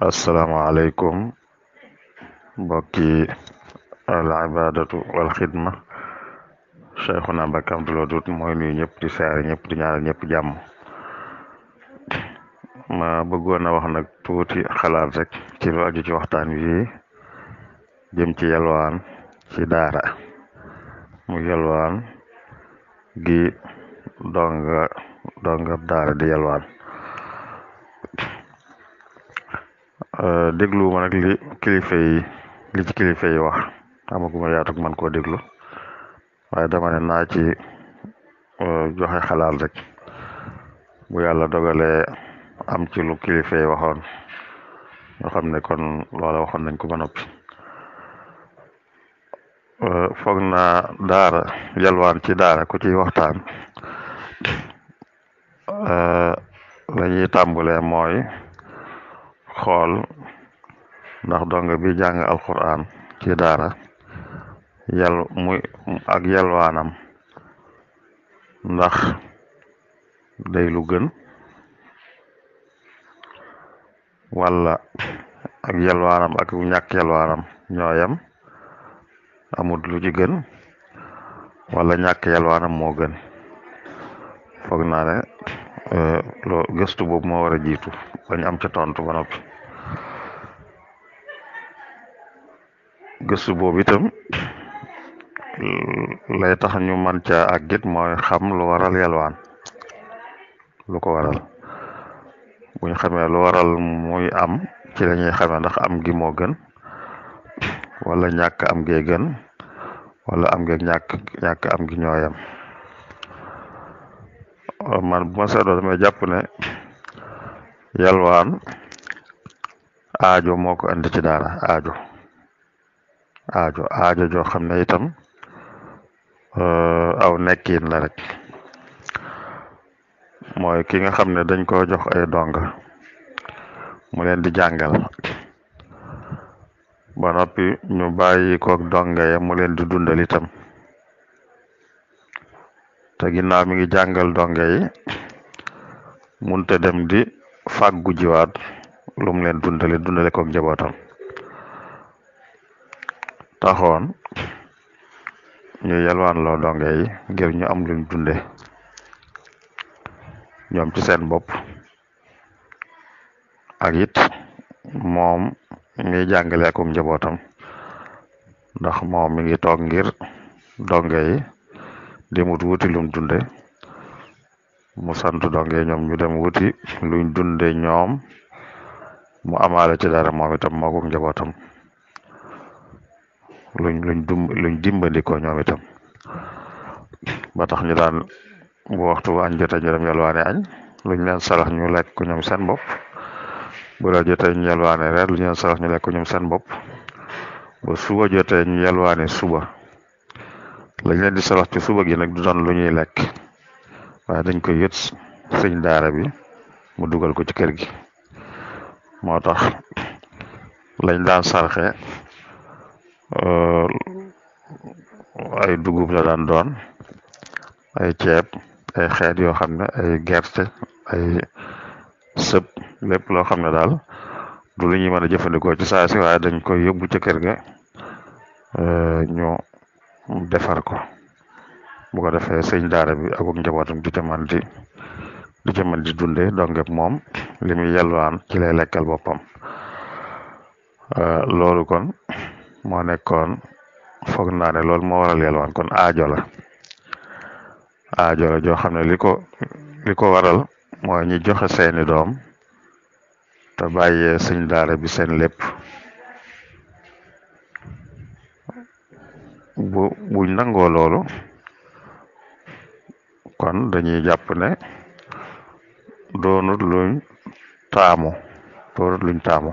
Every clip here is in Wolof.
asalaamaaleykum mbokki al ibadatu wal xidma cheikhuna Mbacké Abdoul Wadoud mooy nuyu ñëpp di saare ñëpp di ñaanal ñëpp jàmm ma bëggoon a wax nag tuuti xalaat rek ci aju ci waxtaan wi jëm ci yalwaan ci daara mu yalwaan gi donga donga daara di yalwaan Euh, dégluwuma nag li kilifa yi li ci kilifa yi wax amaguma man koo déglu waaye dama ne naa ci euh, joxe xalaat rek bu yàlla dogalee am ci lu kilifa yi waxoon ñoo xam ne kon loola waxoon nañ ko ba noppi euh, foog na daara yalwaan ci daara ku ciy waxtaan la ñuy tàmbalee mooy xool ndax dong bi jang alquran ci dara yal muy ak yalwaanam ndax day lu gën wala ak yalwaanam ak ñàkk yalwaanam ñoyam amut lu ci gën wala ñàkk yalwaanam mo gën foog naa ne eh, lo gestu boobu mo wara jitu bañ am ci tontu ba nopi gëstu boobu itam lay tax ñu man ca àggit mooy xam lu waral yalwaan lu ko waral bu ñu lu waral muy am ci la ñuy xamee ndax am gi moo gën wala ñàkk am gee gën wala am geeg ñàkk ñàkk am gi man bu ma seetloo damay jàpp ne yalwaan aajo moo ko indi ci daara ajo aajo aajo joo xam ne itam euh, aw nekkin la rek mooy ki nga xam ne dañ koo jox ay donga mu leen di jàngal ba noppi ñu bàyyi koog donga ya mu leen di dundalitam te ginnaaw mi ngi jàngal donga yi munte dem di fàggu jiwaat lu mu leen dundale dundale koog njabootam taxoon ñu yalwaan loo donge yi ngir ñu am luñ dunde ñoom ci seen bopp ak it moom mi jàngale akum njabootam ndax moom mi ngi toog ngir donge yi demut wuti lum dunde mu sant donge ñoom ñu dem wuti luñ dunde ñoom mu amaale ci dara moom itam mookuk njabootam luñ luñ dum luñ dimbali ko ñoom itam ba tax ñu daan bu waxtu bu añ jotee ñu dem yalwaane añ luñ leen sarax ñu lekk ko ñoom seen bopp bu la jotee ñu yalwaane reer luñ leen sarax ñu lekk ñoom seen bopp ba suba jotee ñu suba lañ leen di sarax ci suba gi nag du doon lu ñuy lekk waaye dañ koy yët sëñ daara bi mu dugal ko ci kër gi moo tax lañ daan sarxe ay dugub la daan doon ay ceeb ay xeet yoo xam ne ay gerte ay sëb lépp loo xam ne daal du lu ñuy mën a jëfandikoo ci saa si waaye dañ koy yóbbu ca kër ga ñu defar ko bu ko defee sëñ daara bi ak njabootam di ca man di di ca dundee donge moom li muy yelwaan ci lay lekkal boppam loolu kon moo nekkoon foog naa ne loolu moo waral yelwaan kon aajo la aajo la joo xam ne li ko li ko waral moo ñu joxe seeni doom te bàyyee sëñ daara bi seen lépp bu buñ nangoo loolu kon dañuy jàpp ne doonut luñ taamu doonut luñ taamu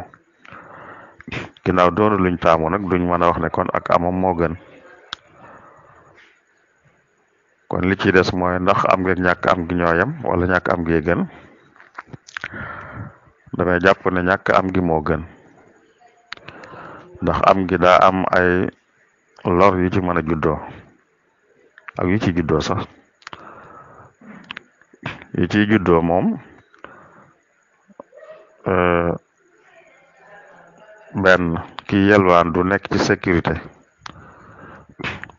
ginnaaw doonu luñ taamu nag duñ mën a wax ne kon ak amam moo gën kon li ci des mooy ndax am nga ñàkk am gi ñooyam wala ñàkk am gi gën ñàkk am gi moo gën ndax am gi daa am ay lor yu ci mën a juddoo ak yu ci juddoo sax yu ciy juddoo moom euh, benn kii yalwaan du nekk ci sécurité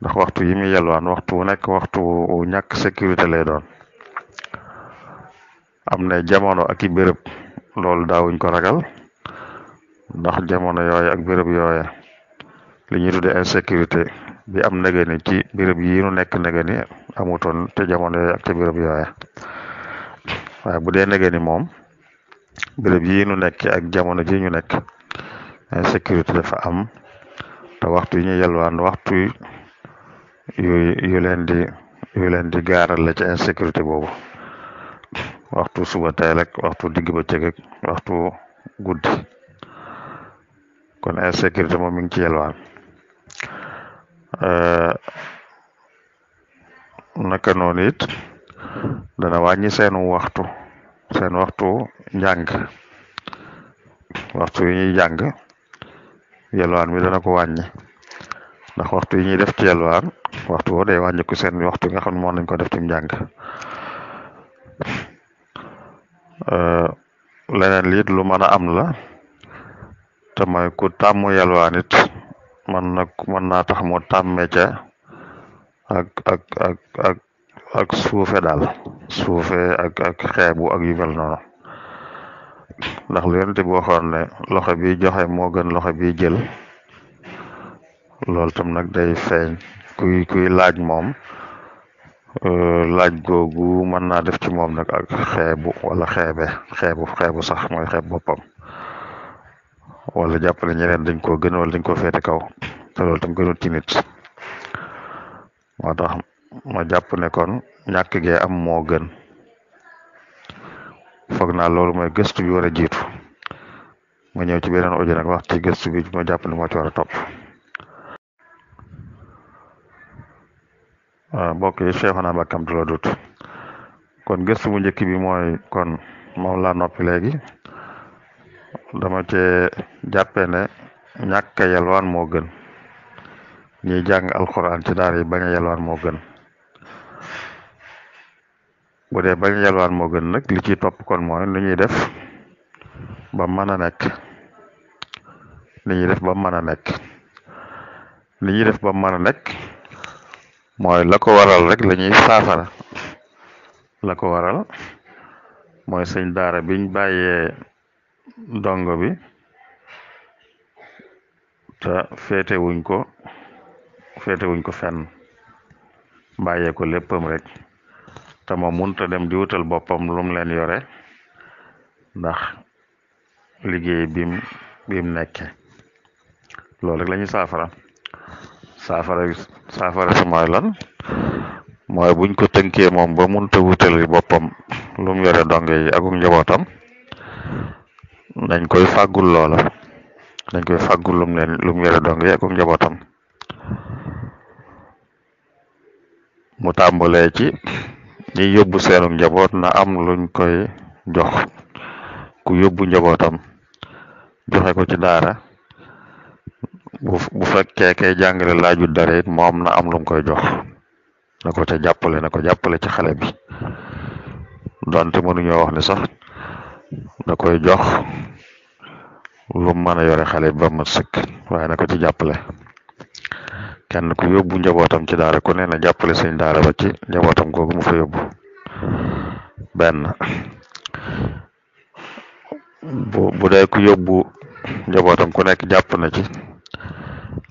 ndax waxtu yi muy yalwaan waxtu wu nekk waxtu wu ñàkk sécurité lay doon am na jamono ak i béréb loolu daawuñ ko ragal ndax jamono yooya ak béréb yooya li ñuy tuddee insécurité bi am negani ci béréb yi nu nekk negani amutoon te jamono yooya ak te béréb yooya waaye bu dee negani moom béréb yi nu nekk ak jamono ji ñu nekk. sécurité dafa am ta waxtu yi ñu yalwaan waxtu yu yu leen di yu leen di gaaral la ci insécurité waktu waxtu suba tay rek waxtu digg ci rek waxtu gudd kon insécurité mo mi ngi ci euh naka non it dana wañi seen waxtu seen waxtu njàng waxtu yi jang yelwaan bi dana ko wàññi ndax waxtu yi ñuy def ci yelwaan waxtu woo day wàññi ko seen waxtu nga xam ne moom nañ ko def ci njàng leneen liit lu mën a am la te mooy ku tàmm yelwaan man na mën naa tax mu tàmme ca ak ak ak ak ak suufe daal suufe ak ak xeebu ak yu mel noonu ndax lu yonent bi waxoon ne loxo bi joxe moo gën loxo bi jël loolu tam nag day feeñ kuy kuy laaj moom euh, laaj googu mën naa def ci moom nag ak xeebu wala xeebe xeebu xeebu sax mooy xeeb boppam wala jàpp ne ñeneen dañ koo gën wala dañ koo féete kaw te loolu tam gënul ci nit moo tax ma jàpp ne kon ñàkk gee am moo gën foog naa loolu mooy gëstu bi war a jiitu ma ñëw ci beneen audio nag wax ci gëstu bi ma jàpp ne moo ci war a topp mbokk yi Cheikhouna Mbacké Abdoul Wadoud kon gëstu njëkk bi mooy kon moom laa noppi léegi dama ci jàppee ne ñàkk a yelwaan moo gën ñiy jàng alxuraan ci daara yi bañ a yelwaan moo gën bu dee bañ yalwaan moo gën nag li ci topp kon mooy lu ñuy def ba mën a nekk li ñuy def ba mën a nekk li ñuy def ba mën a nekk mooy la ko waral rek la ñuy saafara la ko waral mooy sëñ daara biñ bàyyee dongo bi te féetewuñ ko féetewuñ ko fenn bàyyee ko léppam rek te moom munta dem di wutal boppam lum leen yore ndax liggéey bim bim nekke loolu rek la ñuy saafara saafara saafara si mooy lan mooy buñ ko tënkee moom ba munta wutali boppam lum yore donge yi akuk njabootam dañ koy fàggul loola dañ koy fàggul lum leen lum yore donge yi akuk njabootam mu tàmbalee ci ñi yóbbu seenu njaboot na am luñ koy jox ku yóbbu njabootam joxe ko ci daara bu fekkee kay jàngale laaju dara it moom na am lum koy jox na ko ca jàppale na ko jàppale ci xale bi donte mënuñoo wax ne sax na koy jox lu mën a yore xale bi ba mat sëkk waaye na ko ci jàppale kenn ku yóbbu njabootam ci daara ku ne na jàppale sëñ daara ba ci njabootam googu mu fa yóbbu benn bu bu dee ku yóbbu njabootam ku nekk jàpp na ci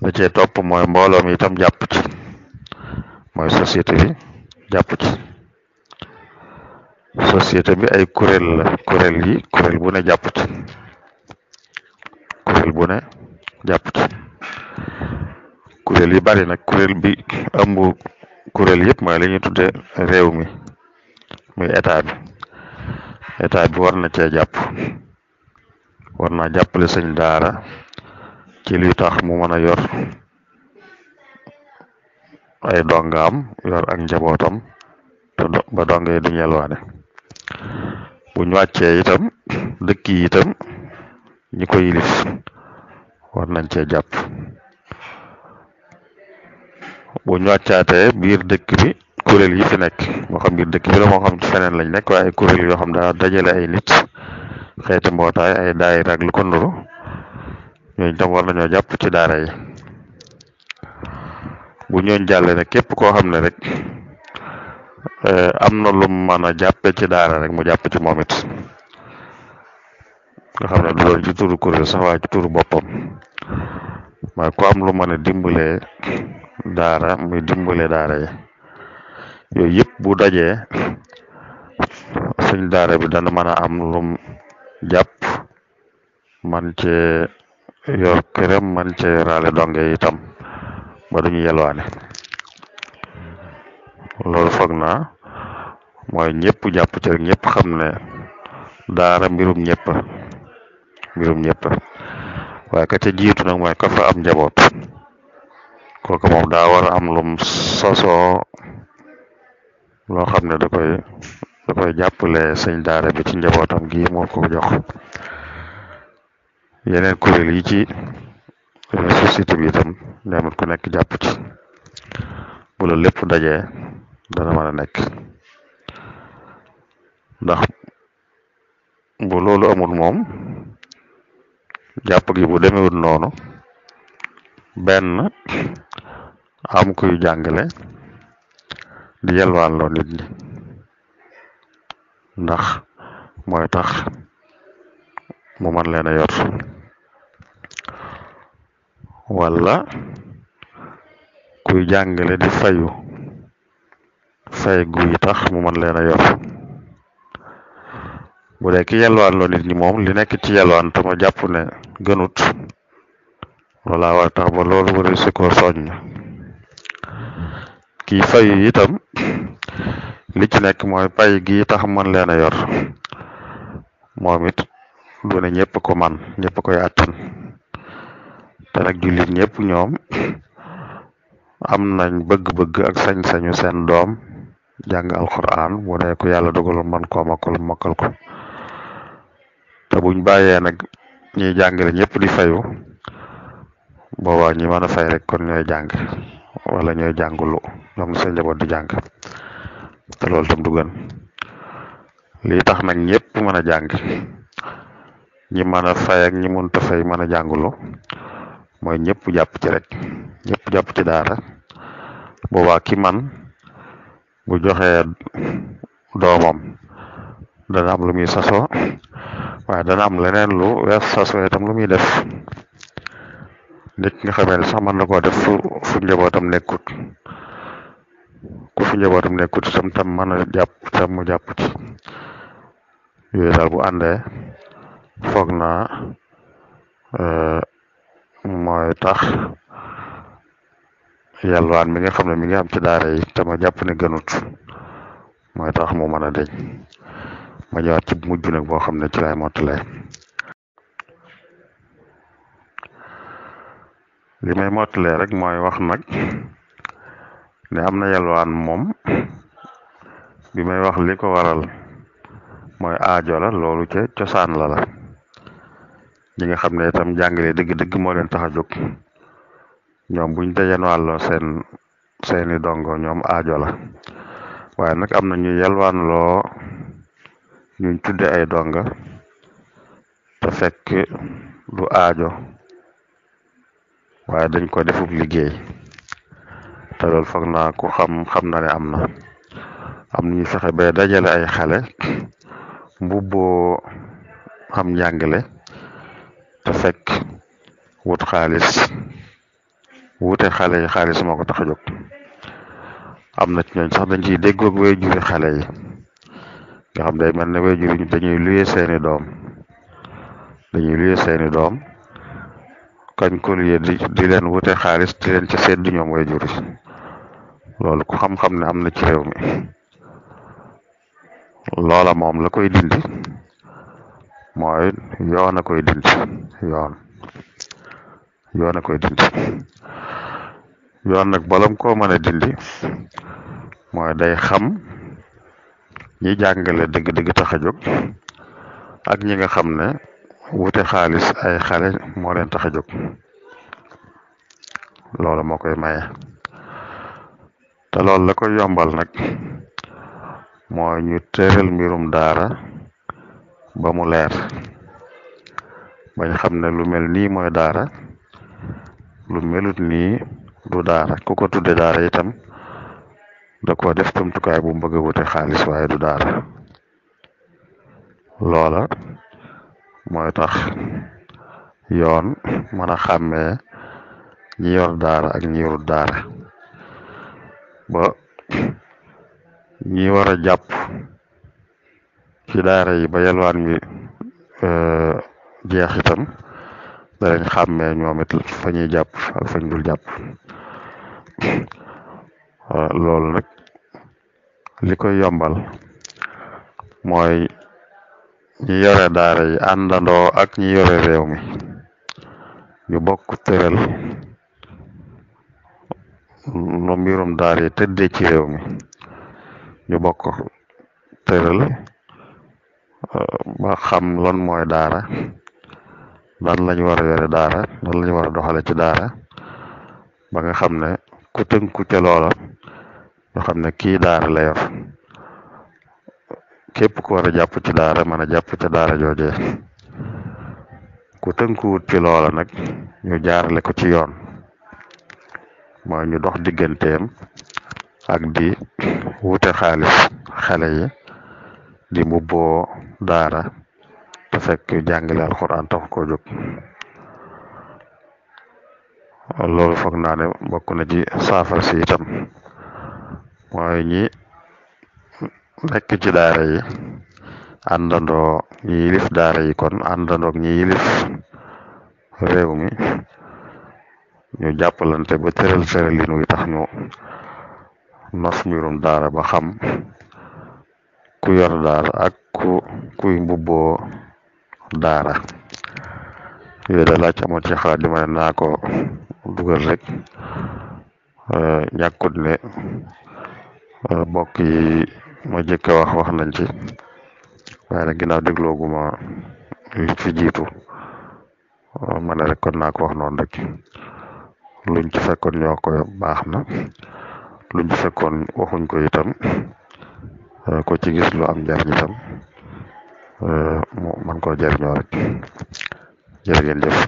da cee topp mooy mbooloo mi itam jàpp ci mooy société bi jàpp ci société bi ay kuréel la kuréel yi kuréel bu ne ci kuréel bu ne jàpp kurel yi bari nak kurel bi ëmb kuréel yëpp mooy li ñuy tudde réew mi moy état bi état bi warna ci japp warna war naa jàppale sëñ daara ci li tax mu mëna yor ay dongam yor ak njabotam te ba donga yi duñ bu ñu waccé itam dëkk yi itam ñi koy yilif war nañ cee jàpp bu ñoccaatee biir dëkk bi kuréel yi fi nekk moo xam biir dëkk bi la moo feneen lañ nekk waaye ay kuréel xam daa dajale ay nit xeeti mbootaay ay daayira ak ko nuru ñooñu tam war nañoo jàpp ci daara yi bu ñooñ jàllee nag képp koo xam ne rek eh, am na lu mën a jàppe ci daara rek mu jàpp ci moom xam ne du doon ci sax waaye ci turu boppam maa ko am lu mën a dimbalee daara muy dimbale daara yi yooyu yëpp bu dajee suñ daara bi dana mën a am lum jàpp man cee yor këram man cee yoraale donge itam ba duñu yelwaane loolu foog naa mooy ñëpp jàpp ci rek xam ne daara mbirum ñëpp mbirum ñëpp waaye ka ca jiitu nag mooy ka fa am njaboot kooku moom daa war am lum sasoo loo xam ne da koy da koy jàppale sëñ daara bi ci njabootam gi moo ko jox yeneen kuréel yi ci société bi itam ñoom it ku nekk jàpp ci bu la lépp dajee dana mën a nekk ndax bu loolu amul moom jàpp gi bu demewul noonu benn am kuy jàngale di yelwaanloo nit ndax mooy tax mu mën leen a yor wala kuy jàngale di fayu fay guy tax mu mën leen a yor bu dee ki yelwaanloo nit ñi moom li nekk ci yelwaan te ma ne gënut loolaa war a tax ba loolu wara si ko soññ kii fay itam li ci nekk mooy pay gi tax man leen a yor moom it du ne ñëpp ko man ñëpp koy àttan te nag jullit ñëpp ñoom am nañ bëgg-bëgg ak sañ-sañu seen doom jàng alquran bu ne ko yàlla dogal man koo makkal makkal ko te buñ bàyyee nag ñuy jàngale ñépp di fayu boobaa ñi mëna fay rek kon ñoy jang wala ñoy jangulu ñom seen njaboot di jang té loolu tam du gën li tax nak ñepp mëna jang ñi mëna fay ak ñi mënta fay mëna jangulu moy ñepp japp ci rek ñepp japp ci daara boobaa ki man bu joxee doomam dana am lu muy saso waaye dana am leneen lu wees saso itam lu muy def nit ki nga xamee ne sax man na koo def fu fu njabootam nekkut ku fu njabootam nekkut tam man a jàpp tam mu jàpp ci daal bu àndee foog naa eh, mooy tax yalwaan mi nga xam ne mi ngi am ci daara yi te jàpp ne gënut tax mu mën a deñ ma ñëwaat ci mujj nag boo xam ne ci lay mottalee li may mottalee rek mooy wax nag ne am na yalwaan moom bi may wax li ko waral mooy aajo la loolu ca cosaan la la ñi nga xam ne itam jàngale dëgg-dëgg moo leen tax a jóg ñoom buñ dajan wàlloo seen seeni dongo ñoom aajo la waaye nag am na ñu yalwaan loo ñuñ tudde ay donga te fekk du aajo waaye dañ ko defub liggéey te loolu foog naa ko xam xam na ne am na am nañu fexe ba dajale ay xale mbub mbubboo xam njàngale te fekk wut xaalis wute xale yi xaalis moo ko tax a jóg am na ci ñooñ sax dañ ciy déggoog way juri xale yi nga xam day mel ne way juri dañuy luye seeni doom dañuy luye seeni doom kañ collier di di wute xaalis di leen ca seddu ñoom way juri loolu ku xam-xam ne am na ci réew mi loola moom la koy dindi mooy yoon a koy dindi yoon yoon koy dindi yoon nag balam koo mën a dindi mooy day xam ñi jàngale dëgg-dëgg tax a jóg ak ñi nga xam ne wute xaalis ay xale moo leen tax a jóg loolu moo koy maye te loolu la koy yombal nag mooy ñu tëral mbirum daara ba mu leer bañ xam ne lu mel nii mooy daara lu melut nii du daara ku ko tudde daara itam da ko def tumtukaay bu mu bëgg a wute xaalis waaye du daara loola mooy tax yoon mën a xàmmee ñi yor daara ak ñi yorut daara ba ñi war a jàpp ci daara yi ba yalwaan mi e, jeex itam danañ xàmmee ñoom it fa ñuy jàpp ak fañ dul jàpp loolu nag li koy yombal mooy ñi yore daara yi àndandoo ak ñi yore réew mi ñu bokk tëral nu mbirum daara yi tëddee ci réew mi ñu bokk tëral euh, ba xam lan mooy daara lan lañ war a yore daara lan lañ war a doxale ci daara ba nga xam ne ku tënku ca loola ñu xam ne kii daara la yor képp ku war a jàpp ci daara mën a jàpp ca daara joojee ku tënkuwut ci loola nag ñu jaarale ko ci yoon mooy ñu dox diggantem ak di wute xaalis xale yi di mbubboo daara te fekk jàngale alxuraan taxu ko jóg loolu foog naa ne bokk na ci saafara si itam ñi nekk ci daara yi àndandoo ñi daara yi kon àndandoo ñi yilif réew mi ñu jàppalante ba tëral tëralin wi tax ñu nos mbirum daara ba xam ku yor daara ak ku kuy mbubboo daara yooyu da laaj amoon ci xalaat di ma ne naa ko dugal rek ñàkkut ne mbokk ma jëkk a wax wax nañ ci waaye nag ginnaaw dégloogu ma li jiitu ma ne rek kon naa ko wax noonu rek luñ ci fekkoon ñoo ko baax na luñ ci fekkoon waxuñ ko itam eh, ko ci gis lu am njariñ itam eh, mu man koo jariñoo rek jërë ngeen